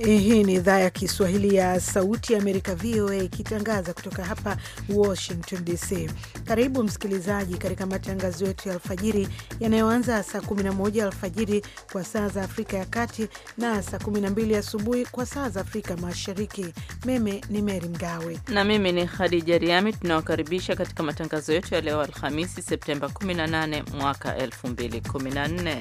Eh, hii ni idhaa ya Kiswahili ya Sauti ya Amerika, VOA, ikitangaza kutoka hapa Washington DC. Karibu msikilizaji katika matangazo yetu ya alfajiri yanayoanza saa 11 alfajiri kwa saa za Afrika ya Kati na saa 12 asubuhi kwa saa za Afrika Mashariki. Mimi ni Meri Mgawe na mimi ni Khadija Riami. Tunawakaribisha katika matangazo yetu ya leo Alhamisi, Septemba 18 mwaka 2014.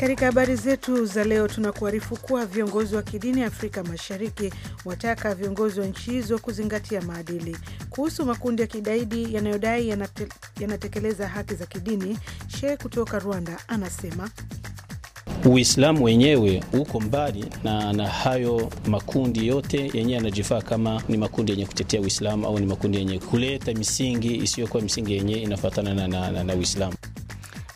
Katika habari zetu za leo tunakuarifu kuwa viongozi wa kidini Afrika Mashariki wataka viongozi wa nchi hizo kuzingatia maadili kuhusu makundi ya kidaidi yanayodai yanate, yanatekeleza haki za kidini. she kutoka Rwanda anasema Uislamu wenyewe uko mbali na, na hayo makundi yote yenyewe yanajifaa kama ni makundi yenye kutetea Uislamu au ni makundi yenye kuleta misingi isiyokuwa misingi yenyewe inafatana na, na, na, na Uislamu.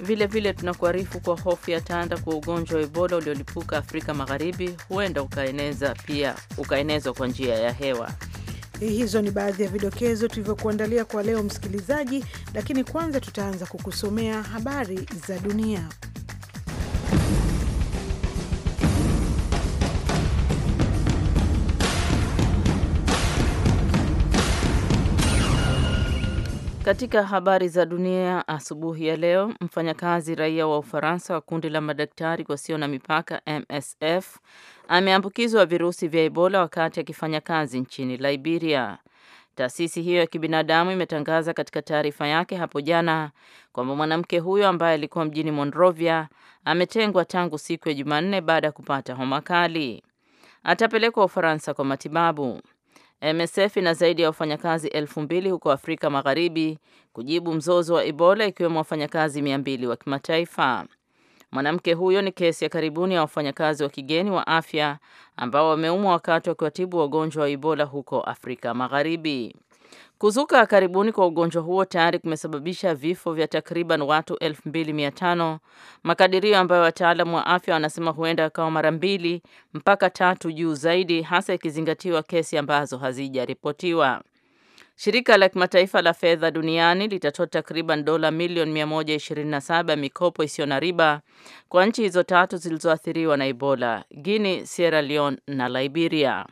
Vilevile tunakuarifu kwa hofu ya tanda kwa ugonjwa wa Ebola uliolipuka Afrika Magharibi huenda ukaeneza pia ukaenezwa kwa njia ya hewa. Hizo ni baadhi ya vidokezo tulivyokuandalia kwa leo, msikilizaji, lakini kwanza tutaanza kukusomea habari za dunia. Katika habari za dunia asubuhi ya leo, mfanyakazi raia wa Ufaransa wa kundi la madaktari wasio na mipaka MSF ameambukizwa virusi vya Ebola wakati akifanya kazi nchini Liberia. Taasisi hiyo ya kibinadamu imetangaza katika taarifa yake hapo jana kwamba mwanamke huyo ambaye alikuwa mjini Monrovia ametengwa tangu siku ya Jumanne baada ya kupata homa kali. Atapelekwa Ufaransa kwa matibabu. MSF ina zaidi ya wafanyakazi elfu mbili huko Afrika Magharibi kujibu mzozo wa Ebola ikiwemo wafanyakazi mia mbili wa kimataifa. Mwanamke huyo ni kesi ya karibuni ya wafanyakazi wa kigeni wa afya ambao wameumwa wakati wakiwatibu wagonjwa wa Ebola huko Afrika Magharibi. Kuzuka karibuni kwa ugonjwa huo tayari kumesababisha vifo vya takriban watu 2500 makadirio ambayo wataalamu wa afya wanasema huenda akawa mara mbili mpaka tatu juu zaidi, hasa ikizingatiwa kesi ambazo hazijaripotiwa. Shirika la kimataifa la fedha duniani litatoa takriban dola milioni 127 mikopo isiyo na riba kwa nchi hizo tatu zilizoathiriwa na Ebola, Guinea, Sierra Leone na Liberia.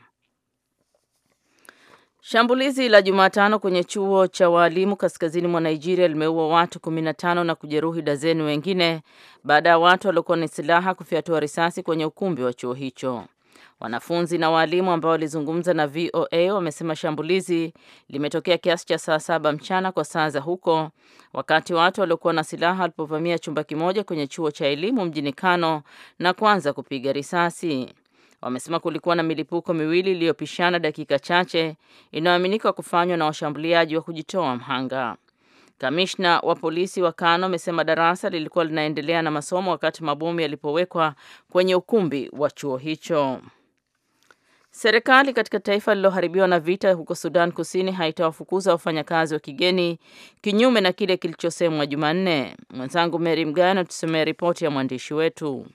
Shambulizi la Jumatano kwenye chuo cha waalimu kaskazini mwa Nigeria limeua watu 15 na kujeruhi dazeni wengine baada ya watu waliokuwa na silaha kufyatua risasi kwenye ukumbi wa chuo hicho. Wanafunzi na waalimu ambao walizungumza na VOA wamesema shambulizi limetokea kiasi cha saa saba mchana kwa saa za huko, wakati watu waliokuwa na silaha walipovamia chumba kimoja kwenye chuo cha elimu mjini Kano na kuanza kupiga risasi wamesema kulikuwa na milipuko miwili iliyopishana dakika chache inayoaminika kufanywa na washambuliaji wa kujitoa mhanga. Kamishna wa polisi wa Kano amesema darasa lilikuwa linaendelea na masomo wakati mabomu yalipowekwa kwenye ukumbi wa chuo hicho. Serikali katika taifa lililoharibiwa na vita huko Sudan Kusini haitawafukuza wafanyakazi wa kigeni kinyume na kile kilichosemwa Jumanne. Mwenzangu Mary Mgano tusomea ripoti ya mwandishi wetu.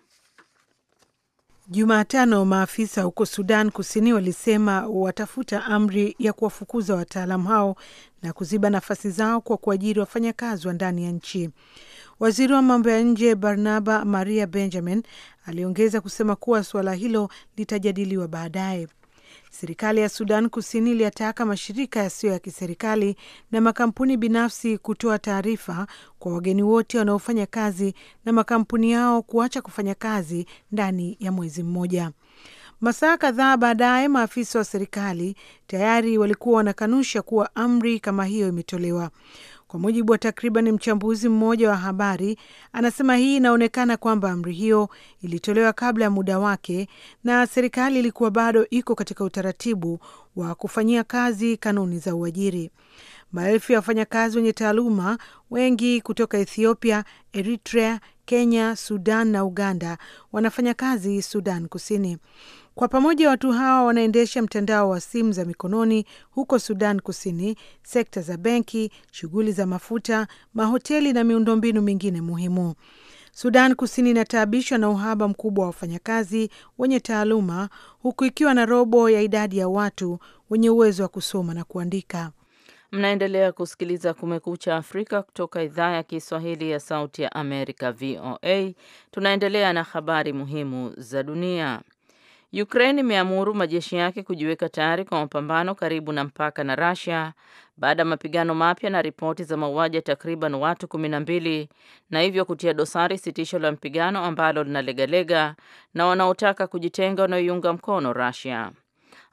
Jumatano, maafisa huko Sudan Kusini walisema watafuta amri ya kuwafukuza wataalamu hao na kuziba nafasi zao kwa kuajiri wafanyakazi wa ndani ya nchi. Waziri wa mambo ya nje Barnaba Maria Benjamin aliongeza kusema kuwa suala hilo litajadiliwa baadaye. Serikali ya Sudan Kusini iliyataka mashirika yasiyo ya kiserikali na makampuni binafsi kutoa taarifa kwa wageni wote wanaofanya kazi na makampuni yao kuacha kufanya kazi ndani ya mwezi mmoja. Masaa kadhaa baadaye, maafisa wa serikali tayari walikuwa wanakanusha kuwa amri kama hiyo imetolewa. Kwa mujibu wa takriban mchambuzi mmoja wa habari, anasema hii inaonekana kwamba amri hiyo ilitolewa kabla ya muda wake na serikali ilikuwa bado iko katika utaratibu wa kufanyia kazi kanuni za uajiri. Maelfu ya wafanyakazi wenye taaluma wengi kutoka Ethiopia, Eritrea, Kenya, Sudan na Uganda wanafanya kazi Sudan Kusini. Kwa pamoja watu hawa wanaendesha mtandao wa simu za mikononi huko Sudan Kusini, sekta za benki, shughuli za mafuta, mahoteli na miundombinu mingine muhimu. Sudan Kusini inataabishwa na uhaba mkubwa wa wafanyakazi wenye taaluma huku ikiwa na robo ya idadi ya watu wenye uwezo wa kusoma na kuandika. Mnaendelea kusikiliza Kumekucha Afrika kutoka idhaa ya Kiswahili ya Sauti ya Amerika, VOA. Tunaendelea na habari muhimu za dunia. Ukraine imeamuru majeshi yake kujiweka tayari kwa mapambano karibu na mpaka na Russia baada ya mapigano mapya na ripoti za mauaji ya takriban watu kumi na mbili na hivyo kutia dosari sitisho la mpigano ambalo linalegalega na wanaotaka kujitenga wanaoiunga mkono Russia.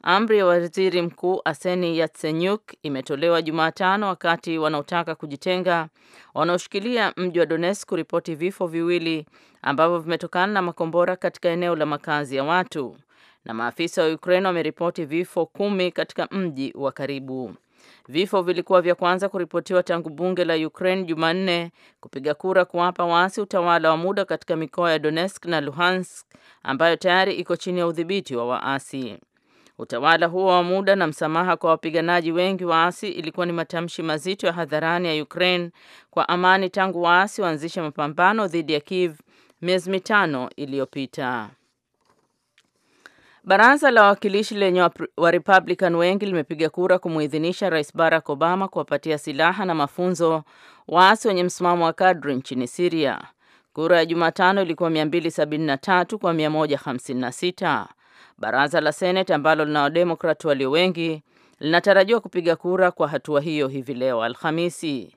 Amri ya waziri mkuu arseni Yatsenyuk imetolewa Jumatano wakati wanaotaka kujitenga wanaoshikilia mji wa Donetsk kuripoti vifo viwili ambavyo vimetokana na makombora katika eneo la makazi ya watu, na maafisa wa Ukraine wameripoti vifo kumi katika mji wa karibu. Vifo vilikuwa vya kwanza kuripotiwa tangu bunge la Ukraine Jumanne kupiga kura kuwapa waasi utawala wa muda katika mikoa ya Donetsk na Luhansk ambayo tayari iko chini ya udhibiti wa waasi. Utawala huo wa muda na msamaha kwa wapiganaji wengi waasi ilikuwa ni matamshi mazito ya hadharani ya Ukraine kwa amani tangu waasi waanzishe mapambano dhidi ya Kiev miezi mitano iliyopita. Baraza la wawakilishi lenye wa Republican wengi limepiga kura kumuidhinisha Rais Barack Obama kuwapatia silaha na mafunzo waasi wenye msimamo wa kadri nchini Syria. Kura ya Jumatano ilikuwa 273 kwa 156. Baraza la Seneti ambalo lina Wademokrat walio wengi linatarajiwa kupiga kura kwa hatua hiyo hivi leo Alhamisi.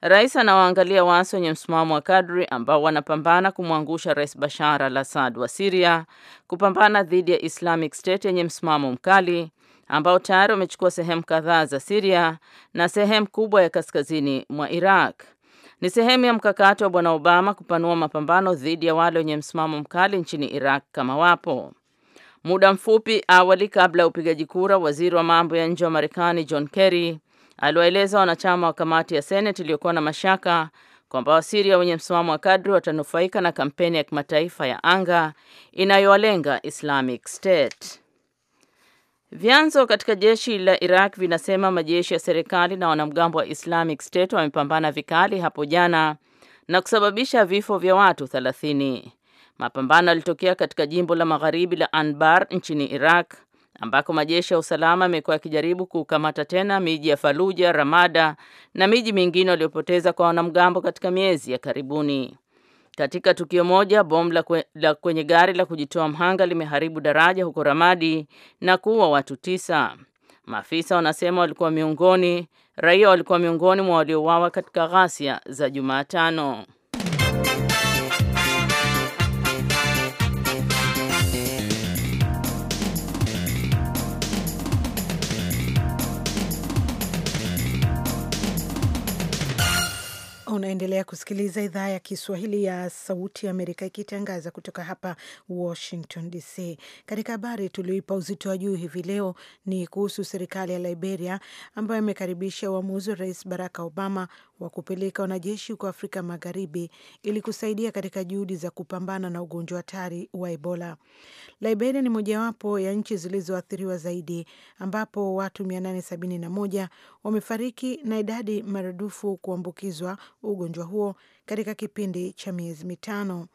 Rais anawaangalia waasi wenye msimamo wa kadri ambao wanapambana kumwangusha Rais Bashar al Assad wa Siria, kupambana dhidi ya Islamic State yenye msimamo mkali ambao tayari wamechukua sehemu kadhaa za Siria na sehemu kubwa ya kaskazini mwa Iraq. Ni sehemu ya mkakati wa Bwana Obama kupanua mapambano dhidi ya wale wenye msimamo mkali nchini Iraq kama wapo. Muda mfupi awali kabla ya upigaji kura, waziri wa mambo ya nje wa Marekani John Kerry aliwaeleza wanachama wa kamati ya Senate iliyokuwa na mashaka kwamba Wasiria wenye msimamo wa kadri watanufaika na kampeni ya kimataifa ya anga inayowalenga Islamic State. Vyanzo katika jeshi la Iraq vinasema majeshi ya serikali na wanamgambo wa Islamic State wamepambana vikali hapo jana na kusababisha vifo vya watu 30. Mapambano yalitokea katika jimbo la magharibi la Anbar nchini Iraq ambako majeshi ya usalama yamekuwa yakijaribu kukamata tena miji ya Faluja, Ramada na miji mingine waliopoteza kwa wanamgambo katika miezi ya karibuni. Katika tukio moja, bomu la, kwe, la kwenye gari la kujitoa mhanga limeharibu daraja huko Ramadi na kuua watu tisa. Maafisa wanasema walikuwa miongoni raia walikuwa miongoni mwa waliouawa katika ghasia za Jumatano. Unaendelea kusikiliza idhaa ya Kiswahili ya Sauti ya Amerika ikitangaza kutoka hapa Washington DC. Katika habari tulioipa uzito wa juu hivi leo ni kuhusu serikali ya Liberia ambayo imekaribisha uamuzi wa Rais Barack Obama wa kupeleka wanajeshi huko Afrika Magharibi ili kusaidia katika juhudi za kupambana na ugonjwa hatari wa Ebola. Liberia ni mojawapo ya nchi zilizoathiriwa zaidi, ambapo watu 871 wamefariki na idadi maradufu kuambukizwa ugonjwa huo katika kipindi cha miezi mitano.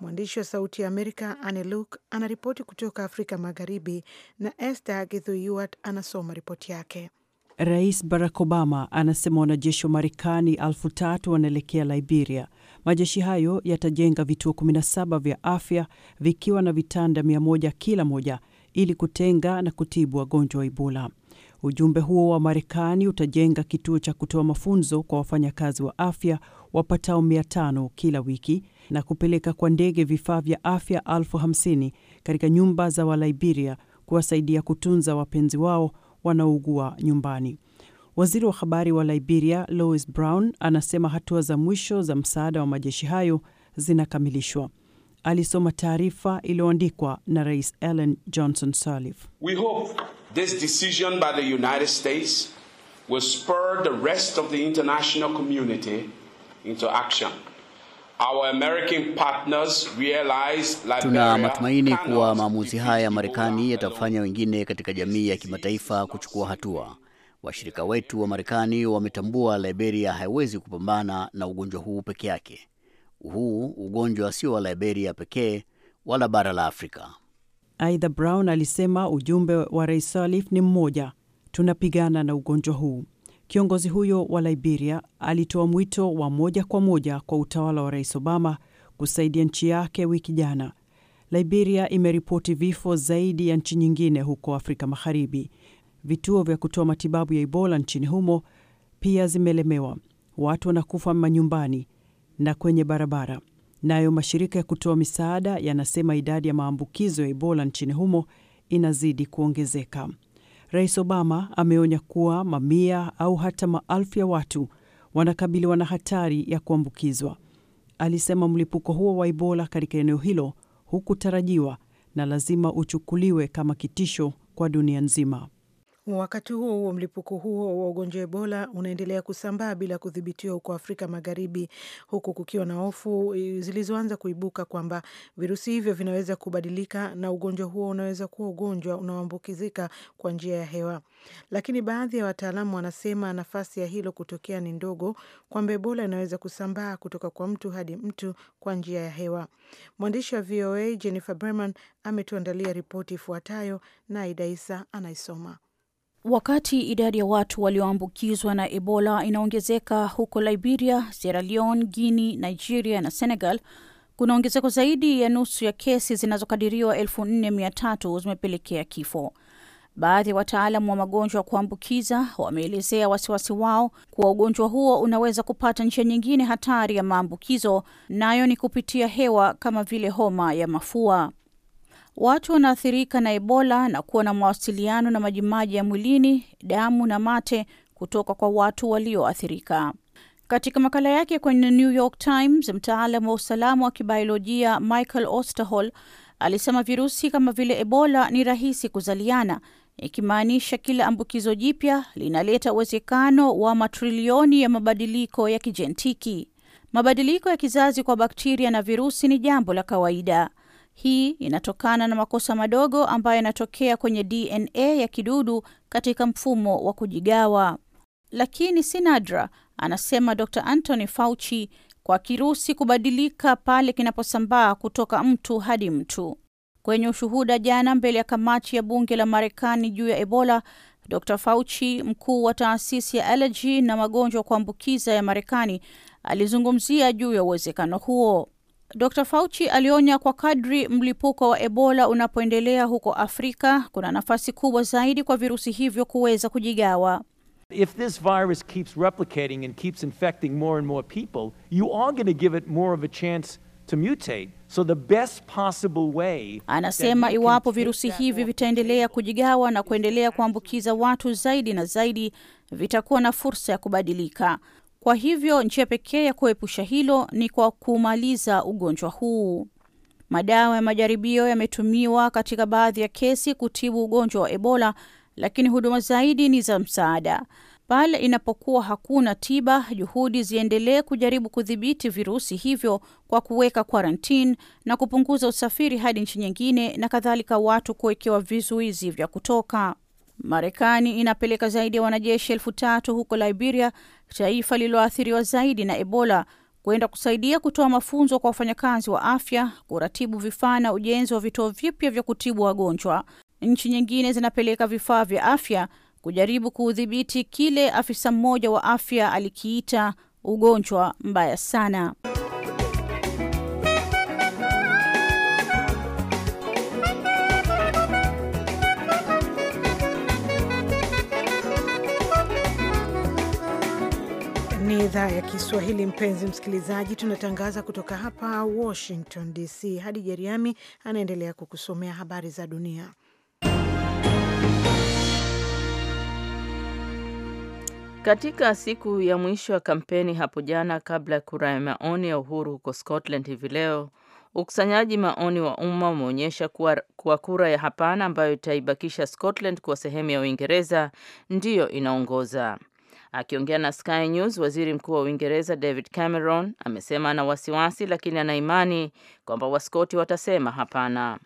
Mwandishi wa Sauti ya Amerika Anne Luke anaripoti kutoka Afrika Magharibi na Esther Githyuat anasoma ripoti yake. Rais Barack Obama anasema wanajeshi wa Marekani elfu tatu wanaelekea Liberia. Majeshi hayo yatajenga vituo 17 vya afya vikiwa na vitanda 100 kila moja ili kutenga na kutibu wagonjwa wa Ebola. Ujumbe huo wa Marekani utajenga kituo cha kutoa mafunzo kwa wafanyakazi wa afya wapatao mia kila wiki na kupeleka kwa ndege vifaa vya afya elfu katika nyumba za waliberia kuwasaidia kutunza wapenzi wao wanaougua nyumbani. Waziri wa habari wa Liberia Louis Brown anasema hatua za mwisho za msaada wa majeshi hayo zinakamilishwa. Alisoma taarifa iliyoandikwa na Rais Ellen Johnson Sirleaf. This decision by the United States will spur the rest of the international community into action. Our American partners realize Liberia. Tuna matumaini kuwa maamuzi haya ya Marekani yatafanya wengine katika jamii ya kimataifa kuchukua hatua. Washirika wetu wa Marekani wametambua Liberia haiwezi kupambana na ugonjwa huu peke yake. Huu ugonjwa sio wa Liberia pekee wala bara la Afrika. Aidha, Brown alisema ujumbe wa Rais Salif ni mmoja, tunapigana na ugonjwa huu. Kiongozi huyo wa Liberia alitoa mwito wa moja kwa moja kwa utawala wa Rais Obama kusaidia nchi yake wiki jana. Liberia imeripoti vifo zaidi ya nchi nyingine huko Afrika Magharibi. Vituo vya kutoa matibabu ya Ebola nchini humo pia zimelemewa. Watu wanakufa manyumbani na kwenye barabara. Nayo mashirika ya kutoa misaada yanasema idadi ya maambukizo ya Ebola nchini humo inazidi kuongezeka. Rais Obama ameonya kuwa mamia au hata maelfu ya watu wanakabiliwa na hatari ya kuambukizwa. Alisema mlipuko huo wa Ebola katika eneo hilo hukutarajiwa na lazima uchukuliwe kama kitisho kwa dunia nzima. Wakati huo huo, mlipuko huo wa ugonjwa wa Ebola unaendelea kusambaa bila kudhibitiwa huko Afrika Magharibi, huku kukiwa na hofu eh, zilizoanza kuibuka kwamba virusi hivyo vinaweza kubadilika na ugonjwa huo unaweza kuwa ugonjwa unaoambukizika kwa njia ya hewa. Lakini baadhi ya wataalamu wanasema nafasi ya hilo kutokea ni ndogo, kwamba Ebola inaweza kusambaa kutoka kwa mtu hadi mtu kwa njia ya hewa. Mwandishi wa VOA Jennifer Berman ametuandalia ripoti ifuatayo na Aida Isa anaisoma. Wakati idadi ya watu walioambukizwa na Ebola inaongezeka huko Liberia, Sierra Leone, Guinea, Nigeria na Senegal, kuna ongezeko zaidi ya nusu ya kesi zinazokadiriwa 4300 zimepelekea kifo. Baadhi ya wataalamu wa magonjwa ya kuambukiza wameelezea wasiwasi wao kuwa ugonjwa huo unaweza kupata njia nyingine hatari ya maambukizo, nayo ni kupitia hewa kama vile homa ya mafua. Watu wanaathirika na Ebola na kuwa na mawasiliano na majimaji ya mwilini, damu na mate kutoka kwa watu walioathirika. Katika makala yake kwenye New York Times, mtaalam wa usalama wa kibiolojia Michael Osterhol alisema virusi kama vile Ebola ni rahisi kuzaliana, ikimaanisha kila ambukizo jipya linaleta uwezekano wa matrilioni ya mabadiliko ya kijentiki. Mabadiliko ya kizazi kwa bakteria na virusi ni jambo la kawaida. Hii inatokana na makosa madogo ambayo yanatokea kwenye DNA ya kidudu katika mfumo wa kujigawa, lakini si nadra, anasema Dr. Anthony Fauci, kwa kirusi kubadilika pale kinaposambaa kutoka mtu hadi mtu. Kwenye ushuhuda jana mbele ya kamati ya bunge la Marekani juu ya Ebola, Dr. Fauci, mkuu wa taasisi ya Allergy na magonjwa kuambukiza ya Marekani, alizungumzia juu ya uwezekano huo. Dr fauchi alionya kwa kadri mlipuko wa Ebola unapoendelea huko Afrika, kuna nafasi kubwa zaidi kwa virusi hivyo kuweza kujigawa. If this virus keeps replicating and keeps infecting more and more people, you are going to give it more of a chance to mutate. So the best possible way. Anasema iwapo virusi hivi vitaendelea kujigawa na kuendelea kuambukiza watu zaidi na zaidi, vitakuwa na fursa ya kubadilika. Kwa hivyo njia pekee ya kuepusha hilo ni kwa kumaliza ugonjwa huu. Madawa ya majaribio yametumiwa katika baadhi ya kesi kutibu ugonjwa wa Ebola, lakini huduma zaidi ni za msaada. Pale inapokuwa hakuna tiba, juhudi ziendelee kujaribu kudhibiti virusi hivyo kwa kuweka quarantine na kupunguza usafiri hadi nchi nyingine na kadhalika, watu kuwekewa vizuizi vya kutoka. Marekani inapeleka zaidi ya wanajeshi elfu tatu huko Liberia, taifa lililoathiriwa zaidi na Ebola, kwenda kusaidia kutoa mafunzo kwa wafanyakazi wa afya, kuratibu vifaa na ujenzi wa vituo vipya vya kutibu wagonjwa. Nchi nyingine zinapeleka vifaa vya afya kujaribu kuudhibiti kile afisa mmoja wa afya alikiita ugonjwa mbaya sana. idhaa ya Kiswahili. Mpenzi msikilizaji, tunatangaza kutoka hapa Washington DC. Hadi Jeriami anaendelea kukusomea habari za dunia. Katika siku ya mwisho ya kampeni hapo jana kabla ya kura ya maoni ya uhuru huko Scotland hivi leo, ukusanyaji maoni wa umma umeonyesha kuwa kura ya hapana ambayo itaibakisha Scotland kuwa sehemu ya Uingereza ndiyo inaongoza. Akiongea na Sky News, waziri mkuu wa Uingereza David Cameron amesema ana wasiwasi, lakini ana imani kwamba Waskoti watasema hapana.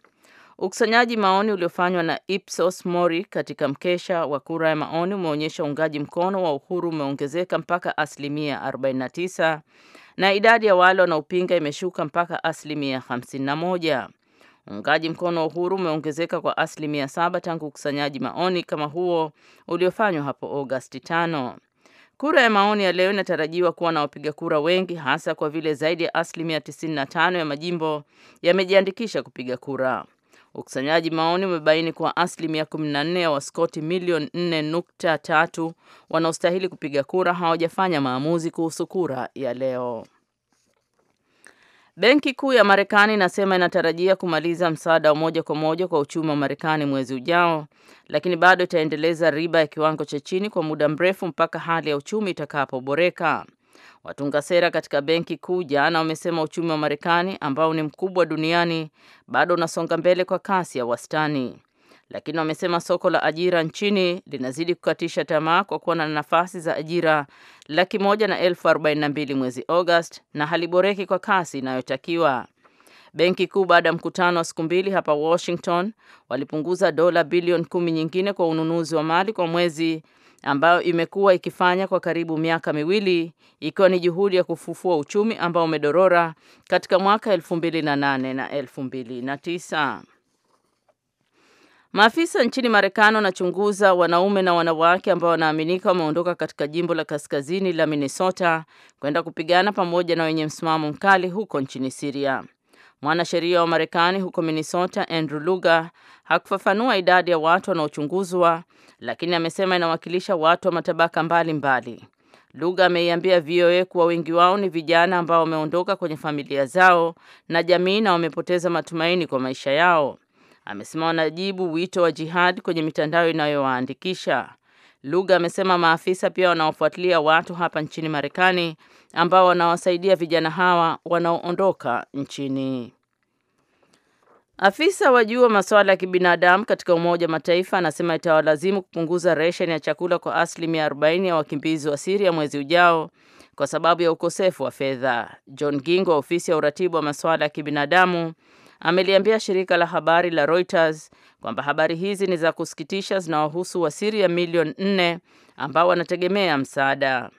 Ukusanyaji maoni uliofanywa na Ipsos Mori katika mkesha wa kura ya maoni umeonyesha uungaji mkono wa uhuru umeongezeka mpaka asilimia 49 na idadi ya wale wanaopinga imeshuka mpaka asilimia 51. Uungaji mkono wa uhuru umeongezeka kwa asilimia saba tangu ukusanyaji maoni kama huo uliofanywa hapo Agosti 5. Kura ya maoni ya leo inatarajiwa kuwa na wapiga kura wengi hasa kwa vile zaidi ya asilimia 95 ya majimbo yamejiandikisha kupiga kura. Ukusanyaji maoni umebaini kuwa asilimia 14 ya Waskoti milioni 4.3 wanaostahili kupiga kura hawajafanya maamuzi kuhusu kura ya leo. Benki Kuu ya Marekani inasema inatarajia kumaliza msaada wa moja kwa moja kwa uchumi wa Marekani mwezi ujao, lakini bado itaendeleza riba ya kiwango cha chini kwa muda mrefu mpaka hali ya uchumi itakapoboreka. Watunga sera katika benki kuu jana wamesema uchumi wa Marekani ambao ni mkubwa duniani bado unasonga mbele kwa kasi ya wastani lakini wamesema soko la ajira nchini linazidi kukatisha tamaa kwa kuwa na nafasi za ajira laki moja na elfu arobaini na mbili mwezi agost na haliboreki kwa kasi inayotakiwa. Benki Kuu baada ya mkutano wa siku mbili hapa Washington walipunguza dola bilioni kumi nyingine kwa ununuzi wa mali kwa mwezi ambayo imekuwa ikifanya kwa karibu miaka miwili ikiwa ni juhudi ya kufufua uchumi ambao umedorora katika mwaka mbili na 2009. Maafisa nchini Marekani wanachunguza wanaume na wanawake ambao wanaaminika wameondoka katika jimbo la kaskazini la Minnesota kwenda kupigana pamoja na wenye msimamo mkali huko nchini Siria. Mwanasheria wa Marekani huko Minnesota, Andrew luga hakufafanua idadi ya watu wanaochunguzwa, lakini amesema inawakilisha watu wa matabaka mbalimbali mbali. ameiambia VOA kuwa wengi wao ni vijana ambao wameondoka kwenye familia zao na jamii na wamepoteza matumaini kwa maisha yao amesema wanajibu wito wa jihad kwenye mitandao inayowaandikisha. Luga amesema maafisa pia wanaofuatilia watu hapa nchini Marekani ambao wanawasaidia vijana hawa wanaoondoka nchini. Afisa wa juu wa masuala ya kibinadamu katika Umoja wa Mataifa anasema itawalazimu kupunguza resheni ya chakula kwa asilimia 40 ya wakimbizi wa Siria mwezi ujao kwa sababu ya ukosefu wa fedha. John Gingo wa ofisi ya uratibu wa masuala ya kibinadamu ameliambia shirika la habari la Reuters kwamba habari hizi ni za kusikitisha, zinawahusu Wasiria milioni nne ambao wanategemea msaada.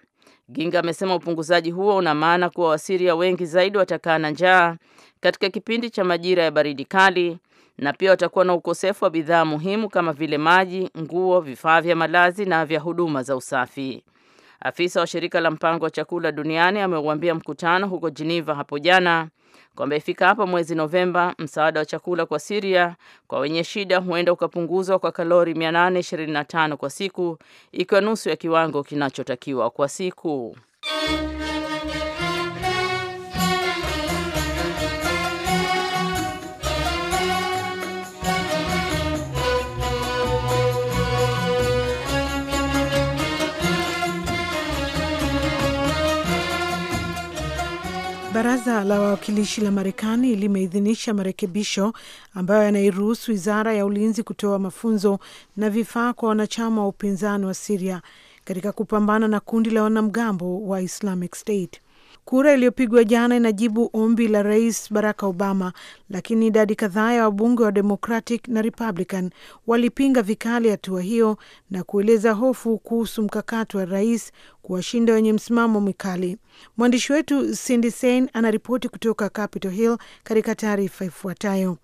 Ginga amesema upunguzaji huo una maana kuwa Wasiria wengi zaidi watakaa na njaa katika kipindi cha majira ya baridi kali na pia watakuwa na ukosefu wa bidhaa muhimu kama vile maji, nguo, vifaa vya malazi na vya huduma za usafi. Afisa wa shirika la mpango wa chakula duniani ameuambia mkutano huko Geneva hapo jana kwamba ifikapo mwezi Novemba msaada wa chakula kwa Siria kwa wenye shida huenda ukapunguzwa kwa kalori 825 kwa siku, ikiwa nusu ya kiwango kinachotakiwa kwa siku. Baraza la Wawakilishi la Marekani limeidhinisha marekebisho ambayo yanairuhusu wizara ya ulinzi kutoa mafunzo na vifaa kwa wanachama wa upinzani wa Siria katika kupambana na kundi la wanamgambo wa Islamic State. Kura iliyopigwa jana inajibu ombi la rais Barack Obama, lakini idadi kadhaa ya wabunge wa Democratic na Republican walipinga vikali hatua hiyo na kueleza hofu kuhusu mkakati wa rais kuwashinda wenye msimamo mikali. Mwandishi wetu Cindy Sein anaripoti kutoka Capitol Hill katika taarifa ifuatayo.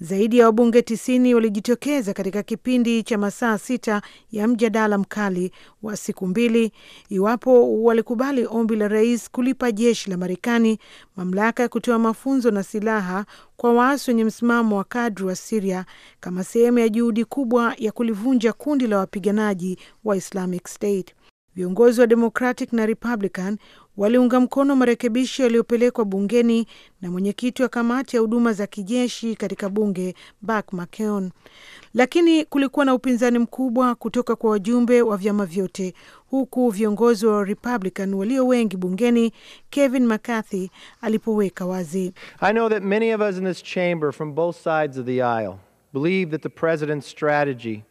Zaidi ya wabunge tisini walijitokeza katika kipindi cha masaa sita ya mjadala mkali wa siku mbili, iwapo walikubali ombi la rais kulipa jeshi la Marekani mamlaka ya kutoa mafunzo na silaha kwa waasi wenye msimamo wa kadri wa Siria kama sehemu ya juhudi kubwa ya kulivunja kundi la wapiganaji wa Islamic State. Viongozi wa Democratic na Republican waliunga mkono marekebisho yaliyopelekwa bungeni na mwenyekiti wa kamati ya huduma za kijeshi katika bunge Buck McKeon, lakini kulikuwa na upinzani mkubwa kutoka kwa wajumbe wa vyama vyote, huku viongozi wa Republican walio wengi bungeni Kevin McCarthy alipoweka wazi, I know that many of us in this chamber from both sides of the aisle believe that the president's strategy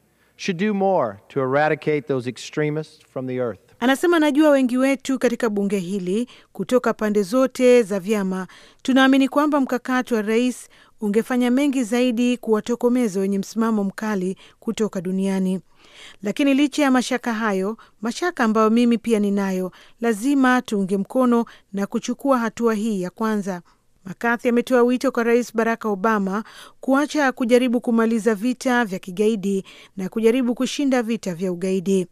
should do more to eradicate those extremists from the earth. Anasema najua wengi wetu katika bunge hili kutoka pande zote za vyama tunaamini kwamba mkakati wa rais ungefanya mengi zaidi kuwatokomeza wenye msimamo mkali kutoka duniani. Lakini licha ya mashaka hayo, mashaka ambayo mimi pia ninayo, lazima tuunge mkono na kuchukua hatua hii ya kwanza makathi ametoa wito kwa Rais Barack Obama kuacha kujaribu kumaliza vita vya kigaidi na kujaribu kushinda vita vya ugaidi.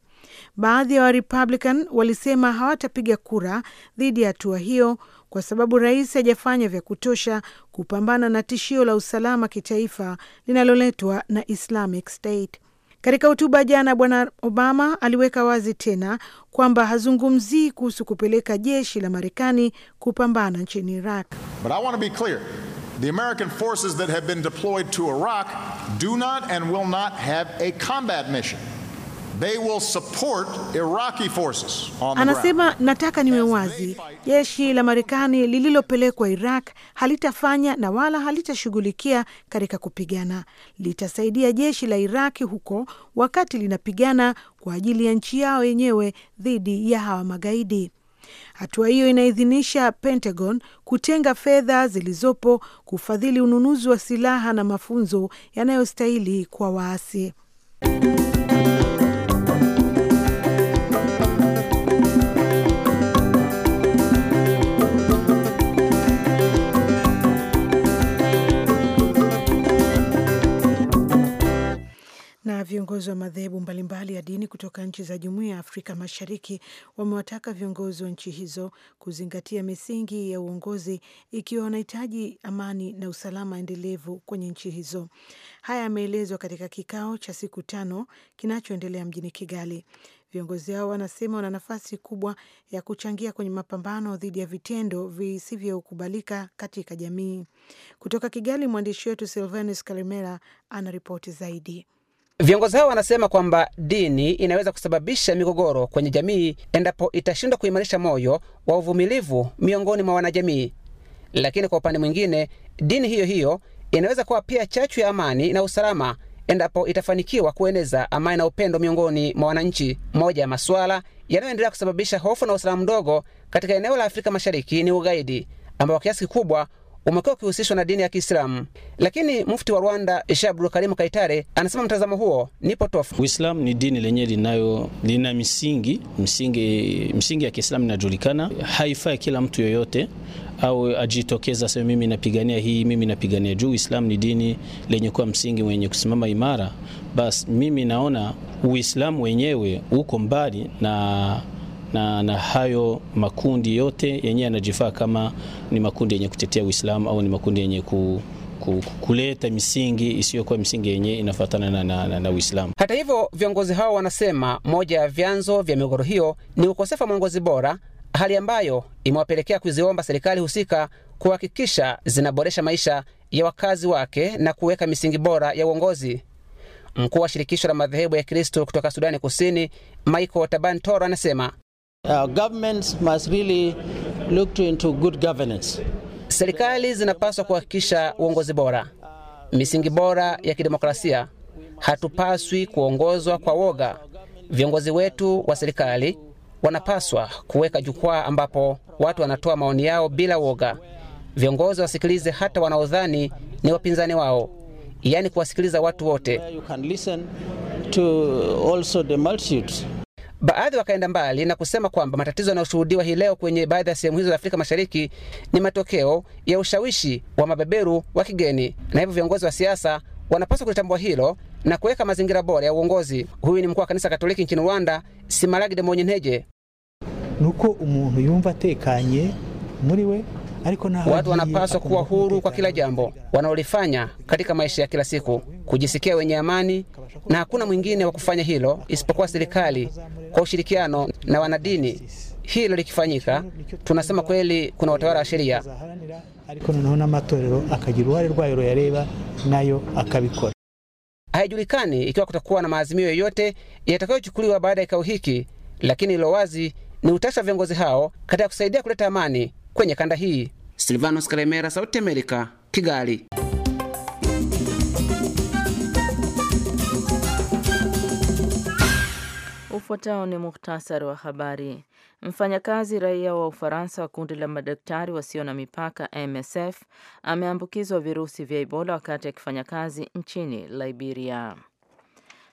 Baadhi ya wa Warepublican walisema hawatapiga kura dhidi ya hatua hiyo kwa sababu rais hajafanya vya kutosha kupambana na tishio la usalama kitaifa linaloletwa na Islamic State. Katika hotuba jana, Bwana Obama aliweka wazi tena kwamba hazungumzii kuhusu kupeleka jeshi la Marekani kupambana nchini Iraq. But I want to be clear. The American forces that have been deployed to Iraq do not and will not have a combat mission. They will support Iraqi forces on the anasema ground. Nataka niwe wazi, jeshi la Marekani lililopelekwa Iraq halitafanya na wala halitashughulikia katika kupigana, litasaidia jeshi la iraqi huko wakati linapigana kwa ajili ya nchi yao yenyewe dhidi ya hawa magaidi. Hatua hiyo inaidhinisha Pentagon kutenga fedha zilizopo kufadhili ununuzi wa silaha na mafunzo yanayostahili kwa waasi. viongozi wa madhehebu mbalimbali ya dini kutoka nchi za Jumuiya ya Afrika Mashariki wamewataka viongozi wa nchi hizo kuzingatia misingi ya uongozi ikiwa wanahitaji amani na usalama endelevu kwenye nchi hizo. Haya yameelezwa katika kikao cha siku tano kinachoendelea mjini Kigali. Viongozi hao wanasema wana nafasi kubwa ya kuchangia kwenye mapambano dhidi ya vitendo visivyokubalika katika jamii. Kutoka Kigali, mwandishi wetu Silvanus calimera anaripoti zaidi. Viongozi hao wanasema kwamba dini inaweza kusababisha migogoro kwenye jamii endapo itashindwa kuimarisha moyo wa uvumilivu miongoni mwa wanajamii. Lakini kwa upande mwingine, dini hiyo hiyo inaweza kuwa pia chachu ya amani na usalama endapo itafanikiwa kueneza amani na upendo miongoni mwa wananchi. Moja ya masuala yanayoendelea kusababisha hofu na usalama mdogo katika eneo la Afrika Mashariki ni ugaidi ambao kwa kiasi kikubwa umekuwa ukihusishwa na dini ya Kiislamu, lakini mufti wa Rwanda Sheikh Abdul Karim Kaitare anasema mtazamo huo ni potofu. Uislamu ni dini lenye linayo lina misingi msingi, msingi ya Kiislamu inajulikana, haifai kila mtu yoyote au ajitokeza sema mimi napigania hii, mimi napigania juu. Uislamu ni dini lenye kuwa msingi mwenye kusimama imara. Basi mimi naona Uislamu wenyewe uko mbali na na, na hayo makundi yote yenyewe yanajifaa kama ni makundi yenye kutetea Uislamu au ni makundi yenye ku kuleta misingi isiyokuwa misingi yenye inafuatana na, na, na, na Uislamu. Hata hivyo, viongozi hao wanasema moja ya vyanzo vya migogoro hiyo ni ukosefu wa mwongozi bora, hali ambayo imewapelekea kuziomba serikali husika kuhakikisha zinaboresha maisha ya wakazi wake na kuweka misingi bora ya uongozi. Mkuu wa shirikisho la madhehebu ya Kristo kutoka Sudani Kusini, Michael Taban Toro, anasema Uh, must really look to into good governance. Serikali zinapaswa kuhakikisha uongozi bora, misingi bora ya kidemokrasia. Hatupaswi kuongozwa kwa woga. Viongozi wetu wa serikali wanapaswa kuweka jukwaa ambapo watu wanatoa maoni yao bila woga. Viongozi wasikilize hata wanaodhani ni wapinzani wao, yaani kuwasikiliza watu wote. Baadhi wakaenda mbali na kusema kwamba matatizo yanayoshuhudiwa hii leo kwenye baadhi ya sehemu hizo za Afrika Mashariki ni matokeo ya ushawishi wa mabeberu wa kigeni, na hivyo viongozi wa siasa wanapaswa kulitambua hilo na kuweka mazingira bora ya uongozi. Huyu ni mkuu wa kanisa Katoliki nchini Rwanda, Simaragde Mwenyenteje. nuko umuntu yumva atekanye muri we Watu wanapaswa kuwa huru kwa kila jambo wanaolifanya katika maisha ya kila siku, kujisikia wenye amani, na hakuna mwingine wa kufanya hilo isipokuwa serikali kwa ushirikiano na wanadini. Hilo likifanyika, tunasema kweli kuna utawala wa sheria. Haijulikani ikiwa kutakuwa na maazimio yoyote yatakayochukuliwa baada ya kikao hiki, lakini ilo wazi ni utashi wa viongozi hao katika kusaidia kuleta amani kwenye kanda hii. Silvanos Karemera, Sauti Amerika, Kigali. Ufuatao ni muhtasari wa habari. Mfanyakazi raia wa Ufaransa wa kundi la madaktari wasio na mipaka MSF ameambukizwa virusi vya Ebola wakati akifanya kazi nchini Liberia.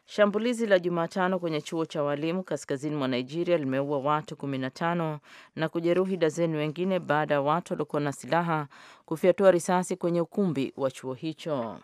Shambulizi la Jumatano kwenye chuo cha walimu kaskazini mwa Nigeria limeua watu 15 na kujeruhi dazeni wengine baada ya watu waliokuwa na silaha kufyatua risasi kwenye ukumbi wa chuo hicho.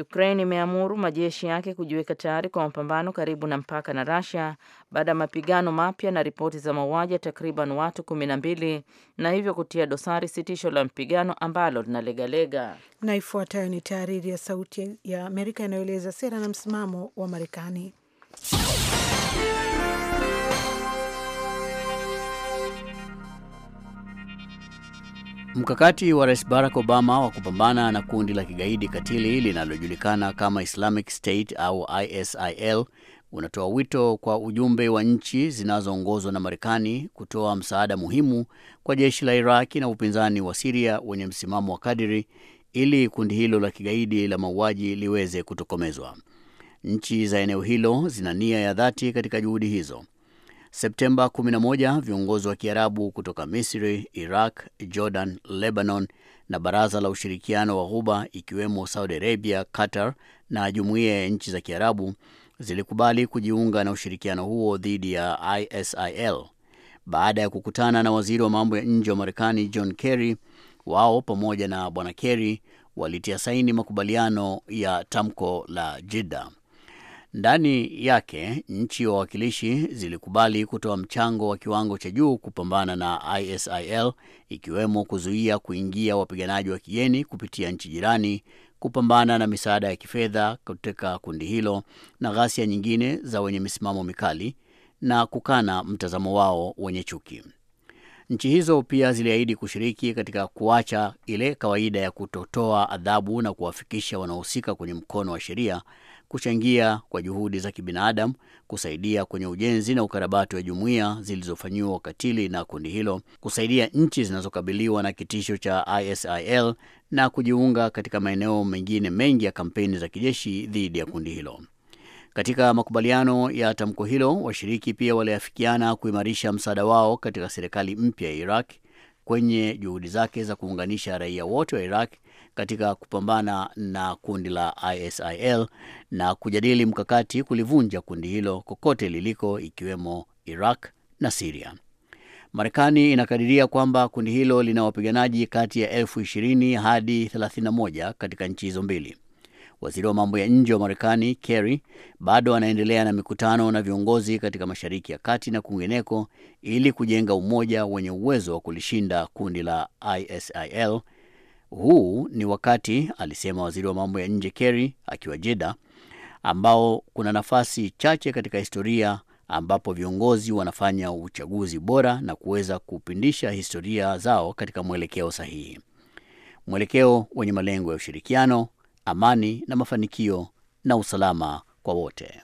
Ukraine imeamuru majeshi yake kujiweka tayari kwa mapambano karibu na mpaka na Russia baada ya mapigano mapya na ripoti za mauaji ya takriban watu kumi na mbili na hivyo kutia dosari sitisho la mpigano ambalo linalegalega. Na ifuatayo ni taarifa ya Sauti ya Amerika inayoeleza sera na msimamo wa Marekani. Mkakati wa Rais Barack Obama wa kupambana na kundi la kigaidi katili linalojulikana kama Islamic State au ISIL unatoa wito kwa ujumbe wa nchi zinazoongozwa na Marekani kutoa msaada muhimu kwa jeshi la Iraki na upinzani wa Siria wenye msimamo wa kadiri ili kundi hilo la kigaidi la mauaji liweze kutokomezwa. Nchi za eneo hilo zina nia ya dhati katika juhudi hizo. Septemba 11 viongozi wa Kiarabu kutoka Misri, Iraq, Jordan, Lebanon na Baraza la Ushirikiano wa Ghuba ikiwemo Saudi Arabia, Qatar na Jumuiya ya Nchi za Kiarabu zilikubali kujiunga na ushirikiano huo dhidi ya ISIL. Baada ya kukutana na waziri wa mambo ya nje wa Marekani John Kerry, wao pamoja na Bwana Kerry walitia saini makubaliano ya tamko la Jidda. Ndani yake nchi wawakilishi zilikubali kutoa mchango wa kiwango cha juu kupambana na ISIL, ikiwemo kuzuia kuingia wapiganaji wa kigeni kupitia nchi jirani, kupambana na misaada ya kifedha katika kundi hilo na ghasia nyingine za wenye misimamo mikali, na kukana mtazamo wao wenye chuki. Nchi hizo pia ziliahidi kushiriki katika kuacha ile kawaida ya kutotoa adhabu na kuwafikisha wanaohusika kwenye mkono wa sheria kuchangia kwa juhudi za kibinadamu, kusaidia kwenye ujenzi na ukarabati wa jumuiya zilizofanyiwa ukatili na kundi hilo, kusaidia nchi zinazokabiliwa na kitisho cha ISIL na kujiunga katika maeneo mengine mengi ya kampeni za kijeshi dhidi ya kundi hilo. Katika makubaliano ya tamko hilo, washiriki pia waliafikiana kuimarisha msaada wao katika serikali mpya ya Iraq kwenye juhudi zake za kuunganisha raia wote wa Iraq katika kupambana na kundi la ISIL na kujadili mkakati kulivunja kundi hilo kokote liliko ikiwemo Iraq na Siria. Marekani inakadiria kwamba kundi hilo lina wapiganaji kati ya elfu hadi 31 katika nchi hizo mbili. Waziri wa mambo ya nje wa Marekani Kerry bado anaendelea na mikutano na viongozi katika Mashariki ya Kati na kwingineko ili kujenga umoja wenye uwezo wa kulishinda kundi la ISIL huu ni wakati, alisema waziri wa mambo ya nje Kerry akiwa Jeda, ambao kuna nafasi chache katika historia ambapo viongozi wanafanya uchaguzi bora na kuweza kupindisha historia zao katika mwelekeo sahihi, mwelekeo wenye malengo ya ushirikiano, amani na mafanikio na usalama kwa wote.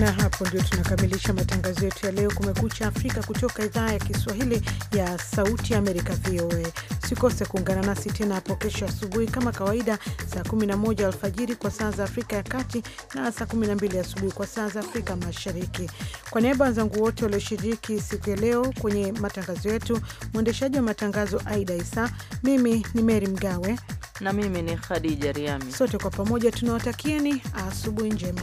Na hapo ndio tunakamilisha matangazo yetu ya leo Kumekucha Afrika kutoka idhaa ya Kiswahili ya Sauti ya Amerika, VOA. Usikose kuungana nasi tena hapo kesho asubuhi kama kawaida, saa 11 alfajiri kwa saa za Afrika ya Kati na saa 12 asubuhi kwa saa za Afrika Mashariki. Kwa niaba ya wenzangu wote walioshiriki siku ya leo kwenye matangazo yetu, mwendeshaji wa matangazo Aida Isa, mimi ni Meri Mgawe na mimi ni Khadija Riami, sote kwa pamoja tunawatakieni asubuhi njema.